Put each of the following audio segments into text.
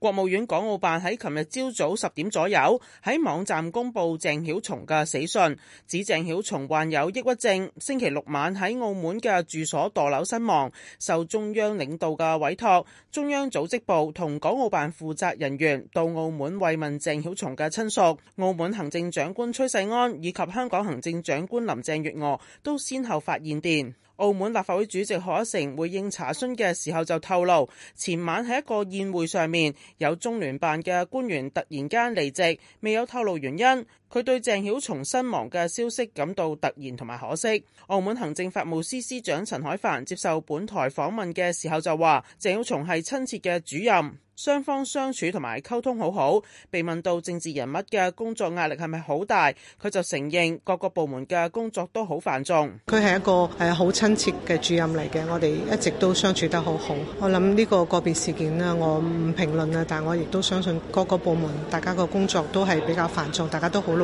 國務院港澳辦喺琴日朝早十點左右喺網站公布鄭曉松嘅死訊，指鄭曉松患有抑鬱症，星期六晚喺澳門嘅住所墮樓身亡。受中央領導嘅委託，中央組織部同港澳辦負責人員到澳門慰問鄭曉松嘅親屬。澳門行政長官崔世安以及香港行政長官林鄭月娥都先後發唁電。澳門立法會主席賀一誠回應查詢嘅時候就透露，前晚喺一個宴會上面，有中聯辦嘅官員突然間離席，未有透露原因。佢對鄭曉松身亡嘅消息感到突然同埋可惜。澳門行政法務司司長陳海帆接受本台訪問嘅時候就話，鄭曉松係親切嘅主任，雙方相處同埋溝通好好。被問到政治人物嘅工作壓力係咪好大，佢就承認各個部門嘅工作都好繁重。佢係一個係好親切嘅主任嚟嘅，我哋一直都相處得好好。我諗呢個個別事件啊，我唔評論啊，但我亦都相信各個部門大家嘅工作都係比較繁重，大家都好。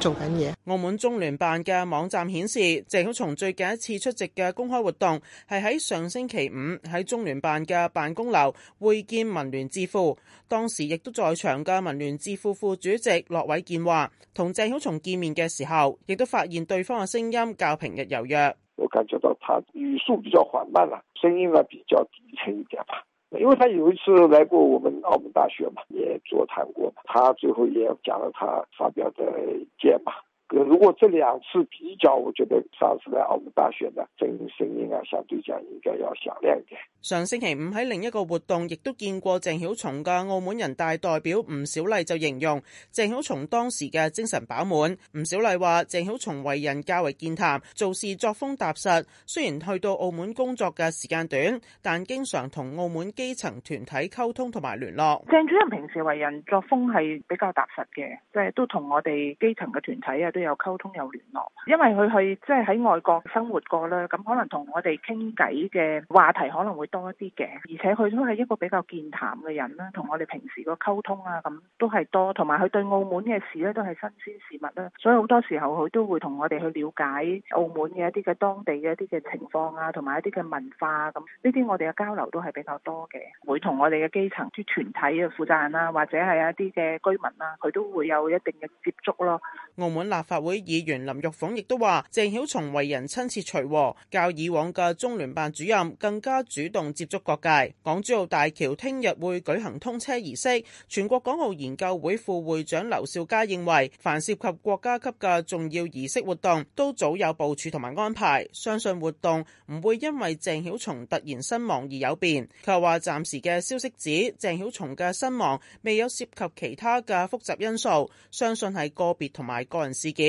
做緊嘢。澳門中聯辦嘅網站顯示，鄭曉松最近一次出席嘅公開活動係喺上星期五喺中聯辦嘅辦公樓會見文聯智庫。當時亦都在場嘅文聯智庫副主席駱偉健話，同鄭曉松見面嘅時候，亦都發現對方嘅聲音較平日柔弱。我感覺到他語速比較緩慢啦，聲音啊比較低沉一點吧。因為他有一次來過我們澳門大學嘛，也座談過，他最後也講了他發表的意見嘛。如果這兩次比較，我覺得上次咧澳門大學的嘅真聲音啊，相對講應該要響亮啲。上星期五喺另一個活動，亦都見過鄭曉松嘅澳門人大代表吳小麗就形容鄭曉松當時嘅精神飽滿。吳小麗話鄭曉松為人較為健談，做事作風踏實。雖然去到澳門工作嘅時間短，但經常同澳門基層團體溝通同埋聯絡。鄭主任平時為人作風係比較踏實嘅，即係都同我哋基層嘅團體啊都。有溝通有聯絡，因為佢係即係喺外國生活過啦，咁可能同我哋傾偈嘅話題可能會多一啲嘅，而且佢都係一個比較健談嘅人啦，同我哋平時個溝通啊咁都係多，同埋佢對澳門嘅事咧都係新鮮事物啦，所以好多時候佢都會同我哋去了解澳門嘅一啲嘅當地嘅一啲嘅情況啊，同埋一啲嘅文化啊，咁呢啲我哋嘅交流都係比較多嘅，會同我哋嘅基層啲團體嘅負責人啊，或者係一啲嘅居民呀，佢都會有一定嘅接觸咯。澳門立法會議員林玉鳳亦都話：鄭曉松為人親切隨和，較以往嘅中聯辦主任更加主動接觸各界。港珠澳大橋聽日會舉行通車儀式。全國港澳研究會副會長劉兆佳認為，凡涉及國家級嘅重要儀式活動，都早有部署同埋安排，相信活動唔會因為鄭曉松突然身亡而有變。佢話：暫時嘅消息指鄭曉松嘅身亡未有涉及其他嘅複雜因素，相信係個別同埋個人事件。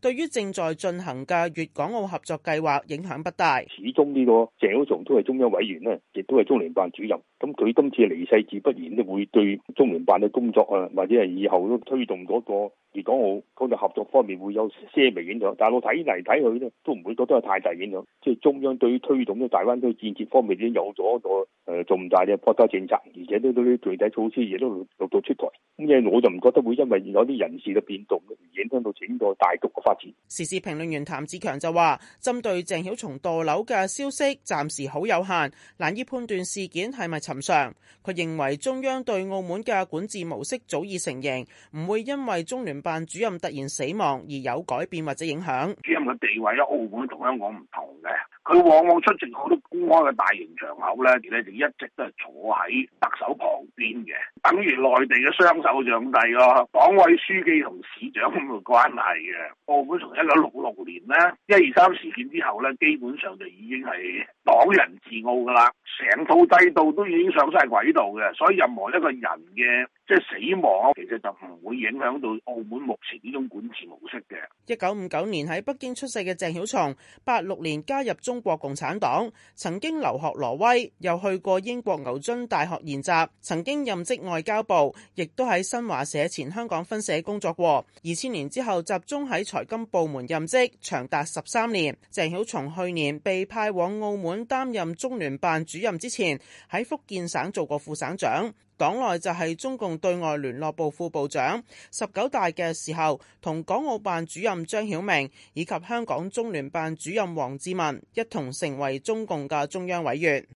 對於正在進行嘅粵港澳合作計劃影響不大。始終呢個鄭曉松都係中央委員咧，亦都係中聯辦主任。咁佢今次離世，自不然咧會對中聯辦嘅工作啊，或者係以後都推動嗰個粵港澳個合作方面會有些微影響。但係我睇嚟睇去咧，都唔會覺得有太大影響。即係中央對於推動咗大灣區建設方面已經有咗一個誒重大嘅國家政策，而且呢啲具體措施亦都陸續出台。咁嘅我就唔覺得會因為有啲人事嘅變動而影響到整個。大局嘅發展。時事評論員譚志強就話：針對鄭曉松墮樓嘅消息，暫時好有限，難以判斷事件係咪尋常。佢認為中央對澳門嘅管治模式早已成型，唔會因為中聯辦主任突然死亡而有改變或者影響。主任嘅地位喺澳門同香港唔同嘅。佢往往出席好多公開嘅大型場口咧，佢咧就一直都係坐喺特首旁邊嘅，等於內地嘅雙手掌帝咯。黨委書記同市長咁嘅關係嘅，澳門從一九六六年咧，一二三事件之後咧，基本上就已經係黨人治澳噶啦，成套制度都已經上晒軌道嘅，所以任何一個人嘅即係死亡，其實就唔會影響到澳門目前呢種管治模式嘅。一九五九年喺北京出世嘅鄭曉松，八六年加入中國共產黨，曾經留學挪威，又去過英國牛津大學研習，曾經任職外交部，亦都喺新華社前香港分社工作過。二千年之後集中喺財金部門任職，長達十三年。鄭曉松去年被派往澳門擔任中聯辦主任之前，喺福建省做過副省長。港內就係中共對外聯絡部副部長，十九大嘅時候，同港澳辦主任張曉明以及香港中聯辦主任王志文一同成為中共嘅中央委員。